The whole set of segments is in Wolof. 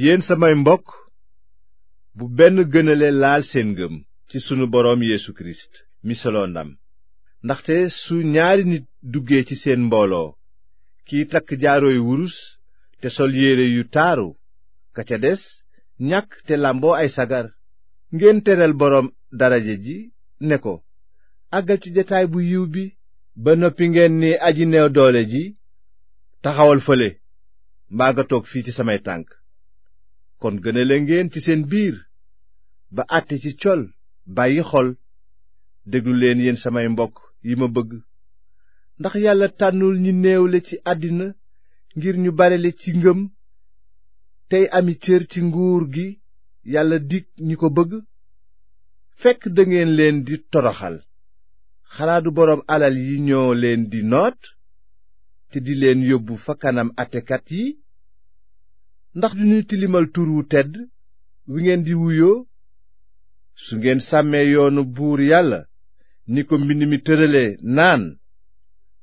yéen samay mbokk bu benn gënale laal seen ngëm ci sunu boroom yéesu Kirist mi solo ndam ndaxte su ñaari nit duggee ci seen mbooloo kiy takk jaarooy wurus te sol yére yu taaru ka ca des ñàkk te làmboo ay sagar ngeen teral boroom daraja ji ne ko àggal ci jataay bu yiw bi ba noppi ngeen ni aji neew doole ji taxawal fale mbaa fii ci samay tànk kon gënale ngeen ci seen biir ba àtte ci col bàyyi xol déglu leen yéen samay mbokk yi ma bëgg ndax yàlla tànnul ñi neewle ci àddina ngir ñu barele ci ngëm tey ami cër ci nguur gi yàlla dig ñi ko bëgg fekk dangeen leen di toroxal xalaatu boroom alal yi ñoo leen di noot te di leen yóbbu fa kanam àttekat yi ndax duñu tilimal tur wu tedd wi ngeen di wuyoo su ngeen sàmmee yoonu buur yàlla ni ko mbind mi tërale naan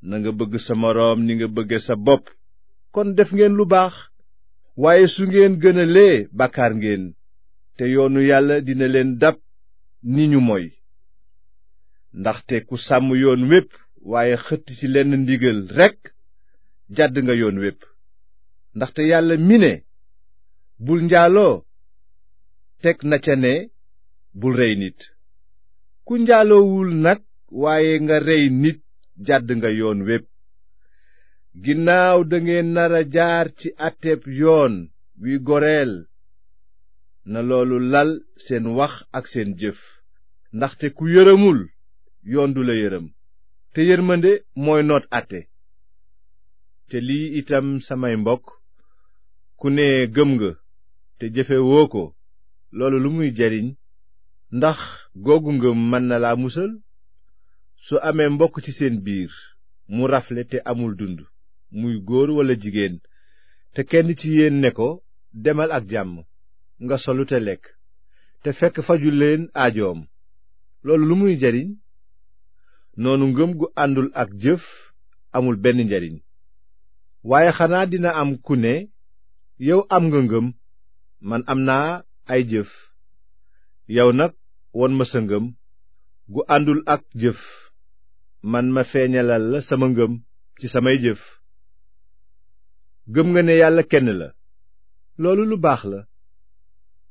na nga bëgg sa moroom ni nga bëgge sa bopp kon def ngeen lu baax waaye su ngeen gënalee bàkkaar ngeen te yoonu yàlla dina leen dab ni ñu moy ndaxte ku sàmm yoon wépp waaye xëtt ci lenn ndigal rekk jàdd nga yoon wépp ndaxte yàlla mi ne bul njaaloo teg na ca ne bul rey nit ku njaaloowul nag waaye nga rey nit jàdd nga yoon wépp ginnaaw dangeen nara jaar ci àtteeb yoon wi goreel na loolu lal seen wax ak seen jëf ndaxte ku yërëmul yoon du la yërëm te yërmande mooy noot àtte te lii itam samay mbokk ku ne gëm nga te jëfe woo ko loolu lu muy jariñ ndax googu ngëm mën na la musal su amee mbokk ci seen biir mu rafle te amul dund muy góor walla jigéen te kenn ci yéen ne ko demal ak jàmm nga solu te lekk te fekk faju leen aajoom loolu lu muy jariñ noonu ngëm gu àndul ak jëf amul benn njariñ waaye xanaa dina am ku ne yow am nga ngëm man am naa ay jëf yow nag won ma sa ngëm gu àndul ak jëf man ma feeñalal la sama ngëm ci samay jëf gëm nga ne yàlla kenn la loolu lu baax la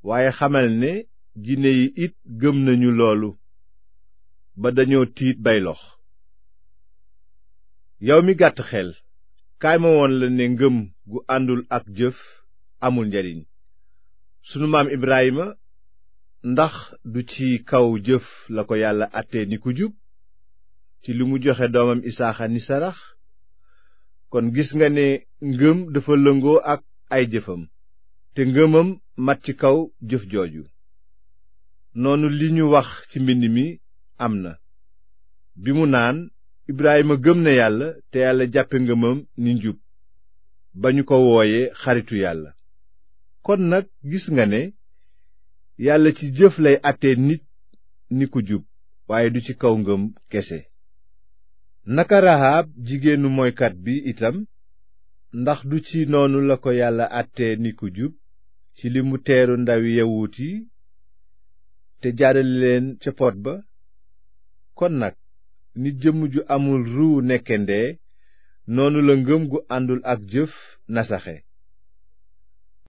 waaye xamal ne jinne yi it gëm nañu loolu ba dañoo tiit bay lox yow mi gàtt xel kaay ma woon la ne ngëm gu àndul ak jëf amul njariñ sunu maam Ibrahima ndax du ci kaw jëf la ko yàlla àttee ni ku jub ci li mu joxe doomam Isaaxa ni sarax kon gis nga ne ngëm dafa lëngoo ak ay jëfam te ngëmam mat ci kaw jëf jooju noonu li ñu wax ci mbind mi am na bi mu naan Ibrahima gëm na yàlla te yàlla jàppe ngëmam ni njub ba ñu ko wooye xaritu yàlla kon nag gis nga ne yàlla ci jëf lay àttee nit ni ku jub waaye du ci kaw ngëm kese naka Rahab jigéenu moykat bi itam ndax du ci noonu la ko yàlla àttee ni ku jub ci li mu teeru ndawi yawut yi te jaarale leen ca poot ba kon nag ni jëmm ju amul ruu nekke ndee noonu la ngëm gu àndul ak jëf nasaxe